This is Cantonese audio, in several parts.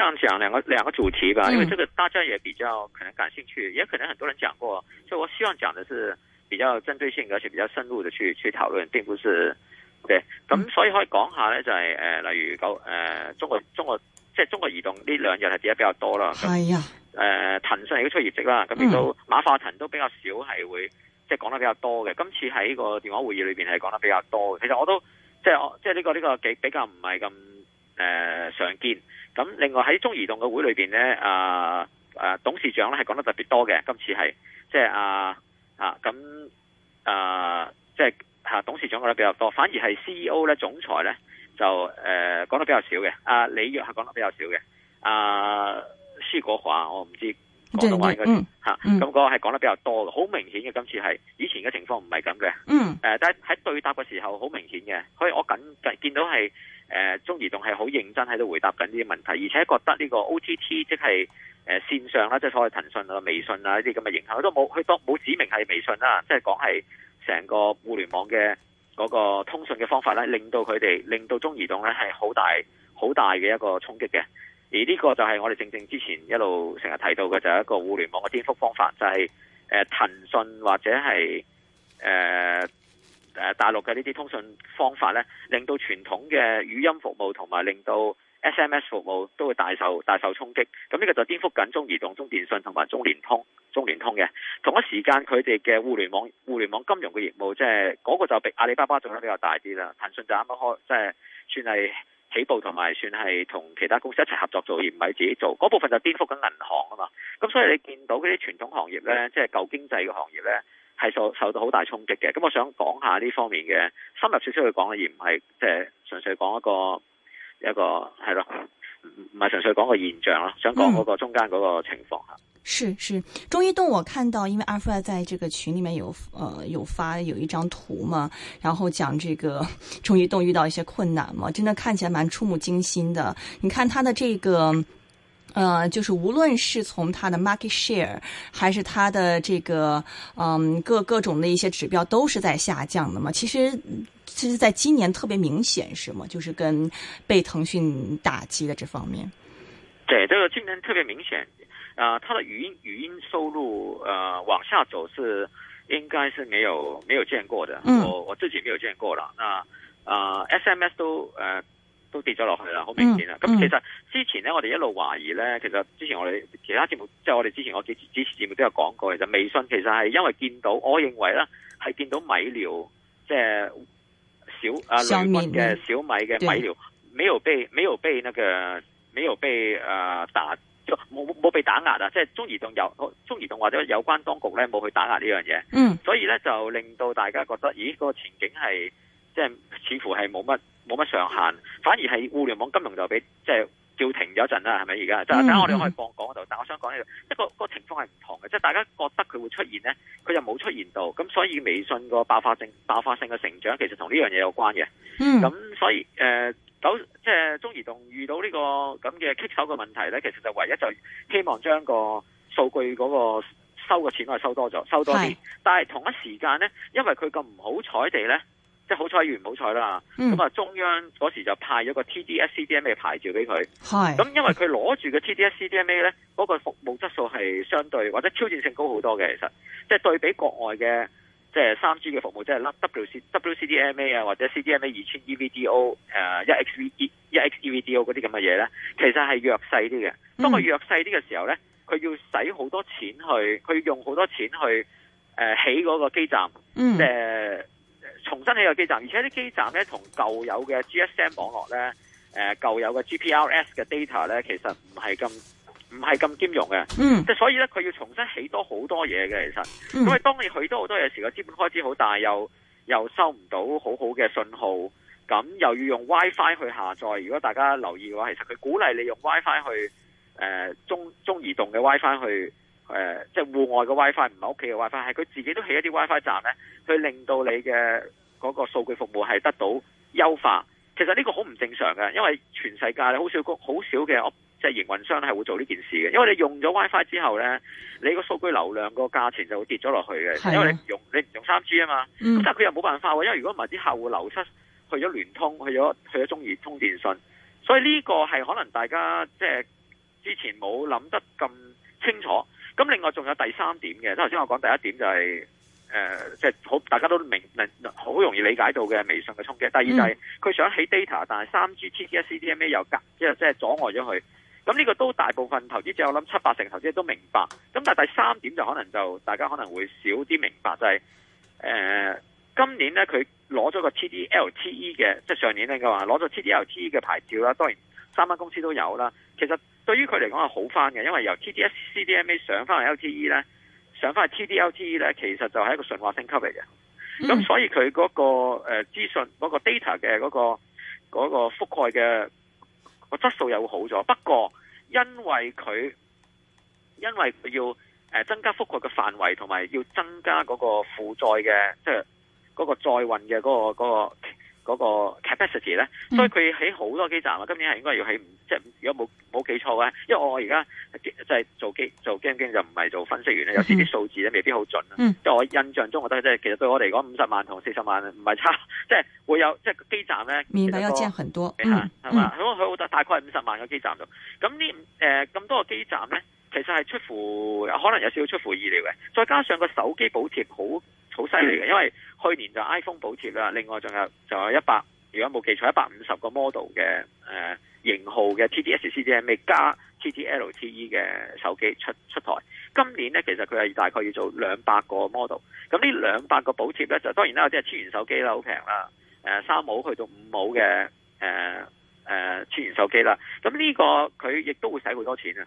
這樣講兩個兩個主題吧，因為這個大家也比較可能感興趣，也可能很多人講過。所以我希望講的是比較針對性，而且比較深入的去去討論。並不是，k、okay, 咁所以可以講下呢，就係、是、誒、呃，例如講誒、呃，中國中國即係中國移動呢兩日係跌得比較多啦。係啊，誒、呃，騰訊亦都出業績啦，咁亦都馬化騰都比較少係會即係講得比較多嘅。今次喺個電話會議裏邊係講得比較多嘅。其實我都即係我即係呢個呢、這個幾、這個、比較唔係咁誒常見。咁另外喺中移動嘅會裏面咧，啊、呃、啊董事長咧係講得特別多嘅。今次係即係啊咁啊即係嚇董事長講得比較多，反而係 CEO 咧、總裁咧就誒講、呃、得比較少嘅，啊、呃、李躍係講得比較少嘅，啊、呃、奚國華我唔知。廣東話應該吓，咁、嗯嗯、嗰個係講得比較多嘅，好明顯嘅。今次係以前嘅情況唔係咁嘅。嗯，誒、呃，但係喺對答嘅時候，好明顯嘅。所以我緊見到係誒、呃、中移動係好認真喺度回答緊呢啲問題，而且覺得呢個 O T T 即係誒、呃、線上啦，即係所謂騰訊啊、微信啊呢啲咁嘅形態，都冇佢當冇指明係微信啦，即係講係成個互聯網嘅嗰個通訊嘅方法咧，令到佢哋令到中移動咧係好大好大嘅一個衝擊嘅。而呢個就係我哋正正之前一路成日提到嘅，就係一個互聯網嘅顛覆方法，就係誒騰訊或者係誒誒大陸嘅呢啲通訊方法咧，令到傳統嘅語音服務同埋令到 SMS 服務都會大受大受衝擊。咁呢個就顛覆緊中移動、中電信同埋中聯通、中聯通嘅。同一時間佢哋嘅互聯網互聯網金融嘅業務，即係嗰個就比阿里巴巴做得比較大啲啦。騰訊就啱啱開，即係算係。起步同埋算係同其他公司一齊合作做，而唔係自己做。嗰部分就顛覆緊銀行啊嘛。咁所以你見到嗰啲傳統行業呢，即係舊經濟嘅行業呢，係受受到好大衝擊嘅。咁我想講下呢方面嘅深入少少去講，而唔係即係純粹講一個一個係咯。唔唔係純粹講個現象咯，想講嗰個中間嗰個情況吓、嗯。是是，中移動我看到，因為阿富在呢個群裡面有，呃有發有一張圖嘛，然後講這個中移動遇到一些困難嘛，真的看起來蠻觸目驚心的。你看它的這個，呃，就是無論是從它的 market share 還是它的這個，嗯、呃，各各種的一些指標都是在下降的嘛。其實。其實，在今年特別明顯是嗎？就是跟被騰訊打擊的這方面。對，這個今年特別明顯啊、呃，它的語音語音收入呃往下走是應該是沒有沒有見過的。嗯、我我自己沒有見過的、呃 SMS 呃、了，了。那 SMS 都誒都跌咗落去啦，好明顯啦。咁、嗯、其實之前呢，我哋一路懷疑呢，其實之前我哋其他節目，即係我哋之前我幾次節目都有講過其實微信其實係因為見到，我認為呢係見到米聊即係。小啊，雷軍嘅小米嘅米聊，沒有被沒有被那個，沒有被啊、呃、打，冇冇被打壓啊！即係中移動有，中移動或者有關當局咧冇去打壓呢樣嘢，嗯，所以咧就令到大家覺得，咦，個前景係即係似乎係冇乜冇乜上限，反而係互聯網金融就俾即係。就是叫停咗一陣啦，係咪而家？Mm hmm. 等等，我哋可以放講嗰度。但我想講呢、這個，即係個個情況係唔同嘅。即、就、係、是、大家覺得佢會出現呢，佢就冇出現到。咁所以微信個爆發性、爆發性嘅成長，其實同呢樣嘢有關嘅。咁、mm hmm. 所以誒，九即係中移動遇到呢、這個咁嘅棘手嘅問題呢，其實就唯一就希望將個數據嗰個收嘅錢係收多咗，收多啲。是但係同一時間呢，因為佢咁唔好彩地呢。即係好彩完，唔好彩啦。咁啊、嗯，中央嗰時就派咗個 TDSCDMA 嘅牌照俾佢。咁是因為佢攞住嘅 TDSCDMA 咧，嗰個服務質素係相對或者挑戰性高好多嘅。其實，即、就、係、是、對比國外嘅即係三 G 嘅服務，即、就、係、是、WCDMA 啊，或者 CDMA 二千 EVDO 誒、uh, 一 XVD 一 XEVDO 嗰啲咁嘅嘢咧，其實係弱細啲嘅。嗯、當佢弱細啲嘅時候咧，佢要使好多錢去，佢要用好多錢去、呃、起嗰個基站，嗯、即係。重新起個基站，而且啲基站咧同舊有嘅 GSM 網絡咧，呃舊有嘅 GPRS 嘅 data 咧，其實唔係咁唔係咁兼容嘅，即係所以咧佢要重新起多好多嘢嘅，其實，因為當你起多好多嘢時，個資本開支好大，又又收唔到好好嘅信號，咁又要用 WiFi 去下載。如果大家留意嘅話，其實佢鼓勵你用 WiFi 去、呃、中中移動嘅 WiFi 去。誒，即係戶外嘅 WiFi 唔係屋企嘅 WiFi，係佢自己都起一啲 WiFi 站咧，去令到你嘅嗰個數據服務係得到優化。其實呢個好唔正常嘅，因為全世界咧好少好少嘅，即係營運商係會做呢件事嘅。因為你用咗 WiFi 之後咧，你個數據流量個價錢就會跌咗落去嘅。因為你唔用你唔用三 G 啊嘛。嗯。咁但係佢又冇辦法喎，因為如果唔係啲客戶流失去咗聯通，去咗去咗中移通電信，所以呢個係可能大家即係之前冇諗得咁清楚。咁另外仲有第三點嘅，即頭先我講第一點就係、是、誒，即係好大家都明、好容易理解到嘅微信嘅衝擊。第二就係、是、佢想起 data，但係三 G TD-SCDMA 又隔，即係即係阻礙咗佢。咁呢個都大部分投資者我諗七八成投資者都明白。咁但係第三點就可能就大家可能會少啲明白，就係、是、誒、呃、今年呢，佢攞咗個 TD-LTE 嘅，即係上年咧佢話攞咗 TD-LTE 嘅牌照啦。當然三間公司都有啦。其實。對於佢嚟講係好翻嘅，因為由 TD-SCDMA 上翻去 LTE 咧，上翻去 TD-LTE 咧，其實就係一個純化升級嚟嘅。咁、嗯、所以佢嗰個誒資訊嗰、嗰個 data 嘅嗰、嗰個、嗰個覆蓋嘅、嗰個質素又會好咗。不過因為佢因為佢要誒增加覆蓋嘅範圍，同埋要增加嗰個負載嘅，即係嗰個載運嘅嗰個個。嗰個嗰個 capacity 咧，所以佢起好多機站啊！今年係應該要起，即係如果冇冇記錯呢，因為我而家即係做機做經經就唔係做分析員咧，有時啲數字咧未必好準啦、嗯。嗯，因為我印象中我覺得即係其實對我嚟講五十萬同四十萬唔係差，即係會有即係機站咧。未來明白、那個、要建很多，你看嗯，係嘛吧？佢佢、嗯、大概五十萬個機站度，咁呢誒咁多個機站咧。其實係出乎可能有少少出乎意料嘅，再加上個手機補貼好好犀利嘅，因為去年就 iPhone 補貼啦，另外仲有仲有一百，如果冇記錯一百五十個 model 嘅誒、呃、型號嘅 TD-SCDMA 加 TD-LTE 嘅手機出出台。今年呢，其實佢係大概要做兩百個 model，咁呢兩百個補貼呢，就當然啦，有啲係千元手機啦，好平啦，誒三毛去到五毛嘅誒誒千元手機啦。咁呢個佢亦都會使好多錢啊！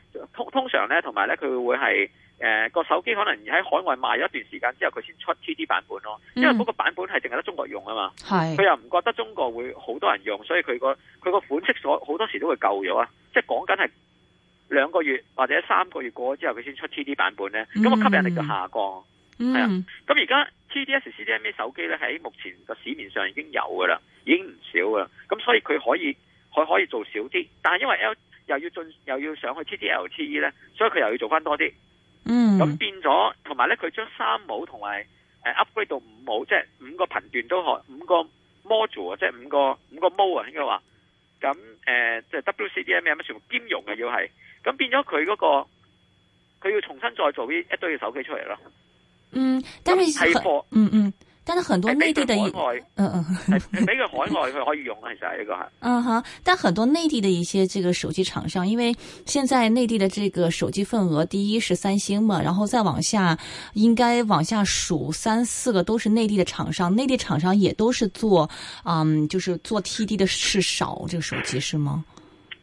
通通常咧，同埋咧，佢會係誒個手機可能喺海外賣咗一段時間之後，佢先出 T D 版本咯，因為嗰個版本係淨係得中國用啊嘛。係、mm，佢、hmm。又唔覺得中國會好多人用，所以佢、個佢個款式所好多時都會夠咗啊！即係講緊係兩個月或者三個月過咗之後，佢先出 T D 版本咧，咁個吸引力就下降。係、mm hmm。啊，咁而家 T D S C D M A 手機咧，喺目前個市面上已經有噶啦，已經唔少噶啦，咁所以佢可以佢可以做少啲，但係因為 L 又要進又要上去 TD LTE 咧，所以佢又要做翻多啲，咁、嗯、變咗，同埋咧佢，將三模同埋誒 upgrade 到五模，即係五個頻段都可，五個 module 啊，即係五個五個模啊，應該話，咁誒即係 W C D M 咩乜全部兼容嘅要係，咁變咗佢嗰個佢要重新再做呢一堆嘅手機出嚟咯、嗯嗯，嗯，咁係貨，嗯嗯。但很多內地的，嗯嗯，喺個海外佢可以用其實一個係。嗯哈、呃，但很多內地的一些這個手機廠商，因為現在內地的這個手機份額，第一是三星嘛，然後再往下，應該往下數三四個都是內地的廠商，內地廠商也都是做，嗯，就是做 TD 的是少，這個手機是嗎？誒、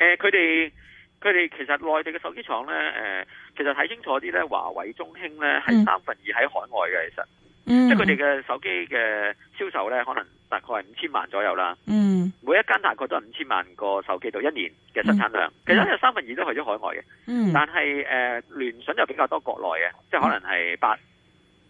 呃，佢哋佢哋其實內地嘅手機廠咧，誒、呃，其實睇清楚啲咧，華為中興咧係三分二喺海外嘅，其實、嗯。嗯、即係佢哋嘅手機嘅銷售咧，可能大概係五千萬左右啦。嗯，每一間大概都係五千萬個手機到一年嘅生產量。嗯、其實有三分二都去咗海外嘅。嗯，但係誒、聯、呃、想就比較多國內嘅，嗯、即係可能係八誒、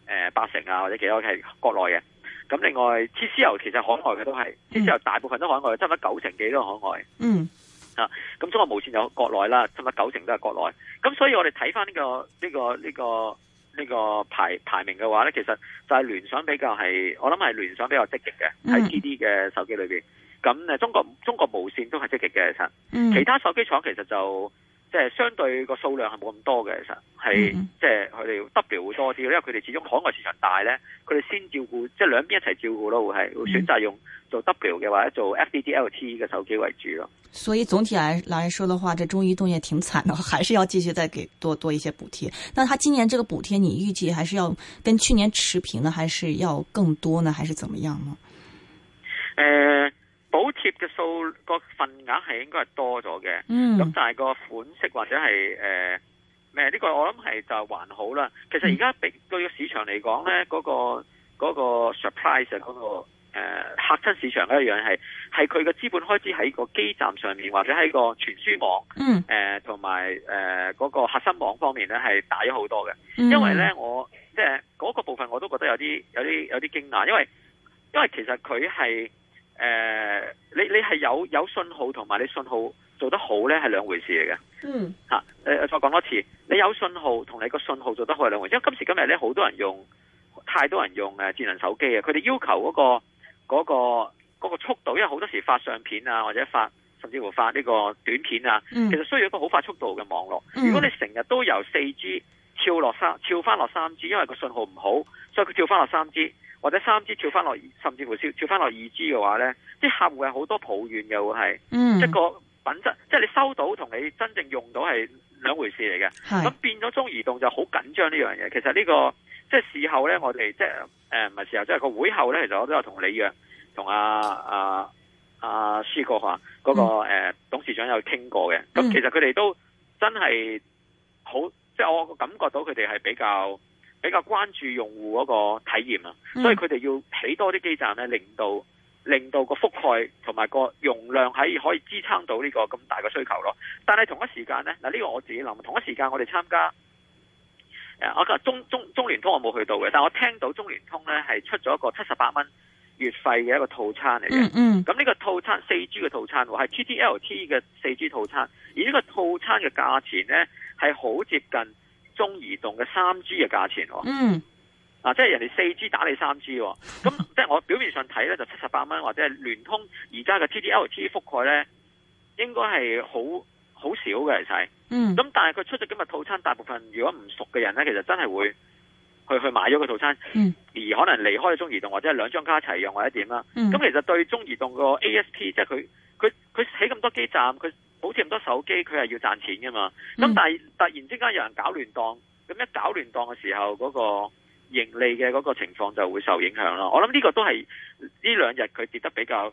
呃、八成啊，或者幾多係國內嘅。咁另外 t c 油其實海外嘅都係 t c 油大部分都海外，差唔多九成幾都係海外。嗯、吓咁、啊、中國無線有國內啦，差唔多九成都係國內。咁所以我哋睇翻呢個呢個呢個。這個這個呢個排排名嘅話咧，其實就係聯想比較係我諗係聯想比較積極嘅喺 TD 嘅手機裏邊。咁誒，中國中國無線都係積極嘅，其實，其他手機廠其實就。即係相對個數量係冇咁多嘅，其實係、嗯、即係佢哋 W 會多啲，因為佢哋始終海外市場大咧，佢哋先照顧即係兩邊一齊照顧咯，係、嗯、選擇用做 W 嘅或者做 FDD LTE 嘅手機為主咯。所以總體來來說的話，這中移動也挺慘的，還是要繼續再給多多一些補貼。但他今年這個補貼，你預計還是要跟去年持平呢，還是要更多呢，還是怎麼樣呢？誒、呃。補貼嘅數個份額係應該係多咗嘅，咁、嗯、但係個款式或者係誒咩呢個我諗係就還好啦。其實而家比對個市場嚟講咧，嗰、嗰個 surprise 嗰、嗰個誒核心市場咧一樣係係佢嘅資本開支喺個基站上面或者喺個傳輸網誒同埋誒嗰個核心網方面咧係大咗好多嘅，嗯、因為咧我即係嗰個部分我都覺得有啲有啲有啲驚訝，因為因為其實佢係。誒、呃，你你係有有信號同埋你信號做得好呢係兩回事嚟嘅。嗯，吓，誒，再講多次，你有信號同你個信號做得好係兩回事。因為今時今日呢，好多人用，太多人用智能手機啊，佢哋要求嗰個嗰個嗰個速度，因為好多時發相片啊，或者發甚至乎發呢個短片啊，嗯、其實需要一個好快速度嘅網絡。嗯、如果你成日都由四 G 跳落三跳翻落三 G，因為個信號唔好，所以佢跳翻落三 G。或者三 G 跳翻落，甚至乎跳跳翻落二 G 嘅話呢啲客戶係好多抱怨嘅，會係即個品質，即、就、係、是、你收到同你真正用到係兩回事嚟嘅。咁是變咗中移動就好緊張呢樣嘢。其實呢、呢個即係事後呢，我哋即係唔係事後，即、呃、係、就是、個會後呢。其實我都有同李約、同阿阿阿舒國華嗰個誒、嗯呃、董事長有傾過嘅。咁、嗯、其實佢哋都真係好，即、就、係、是、我感覺到佢哋係比較。比較關注用戶嗰個體驗啊，嗯、所以佢哋要起多啲基站咧，令到令到個覆蓋同埋個容量喺可以支撐到呢個咁大嘅需求咯。但係同一時間咧，嗱、呢、呢個我自己諗，同一時間我哋參加我、啊、中中中聯通我冇去到嘅，但我聽到中聯通咧係出咗一個七十八蚊月費嘅一個套餐嚟嘅、嗯。嗯咁呢個套餐四 G 嘅套餐，我係 T T L T 嘅四 G 套餐，而呢個套餐嘅價錢咧係好接近。中移動嘅三 G 嘅價錢、哦，嗯，mm. 啊，即係人哋四 G 打你三 G，咁、哦、即係我表面上睇咧就七十八蚊，或者係聯通而家嘅 T D L T 覆蓋咧，應該係好好少嘅嚟睇，嗯，咁、mm. 但係佢出咗今日套餐，大部分如果唔熟嘅人咧，其實真係會去去買咗個套餐，mm. 而可能離開咗中移動或者係兩張卡齊一齊用或者點啦，咁、mm. 其實對中移動個 A S P 即係佢佢佢起咁多基站佢。好似咁多手機，佢係要賺錢噶嘛。咁但係突然之間有人搞亂檔，咁一搞亂檔嘅時候，嗰個盈利嘅嗰個情況就會受影響咯。我諗呢個都係呢兩日佢跌得比較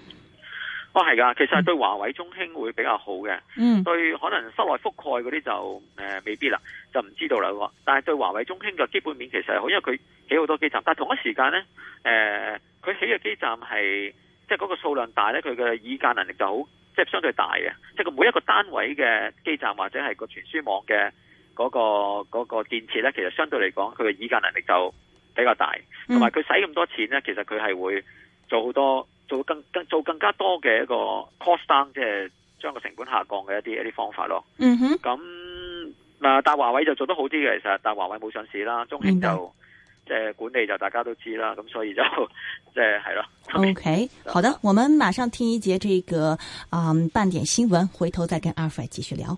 哦，係噶，其實係對華為中興會比較好嘅，嗯、對可能室內覆蓋嗰啲就誒、呃、未必啦，就唔知道啦。但係對華為中興嘅基本面其實係好，因為佢起好多基站，但係同一時間咧，誒、呃、佢起嘅基站係即係嗰個數量大咧，佢嘅議價能力就好，即、就、係、係、相對大嘅。即係個每一個單位嘅基站或者係、個傳輸網嘅嗰個嗰個建設咧，其實相對嚟講佢嘅議價能力就比較大，同埋佢使咁多錢咧，其實佢係會做好多。做更更做更加多嘅一個 cost down，即係將個成本下降嘅一啲一啲方法咯。Mm hmm. 嗯哼。咁嗱，但華為就做得好啲嘅，其實但華為冇上市啦，中興就即係、mm hmm. 管理就大家都知啦，咁所以就即係係咯。OK，好的，我們馬上聽一節這個嗯半點新聞，回頭再跟阿 Sir 繼續聊。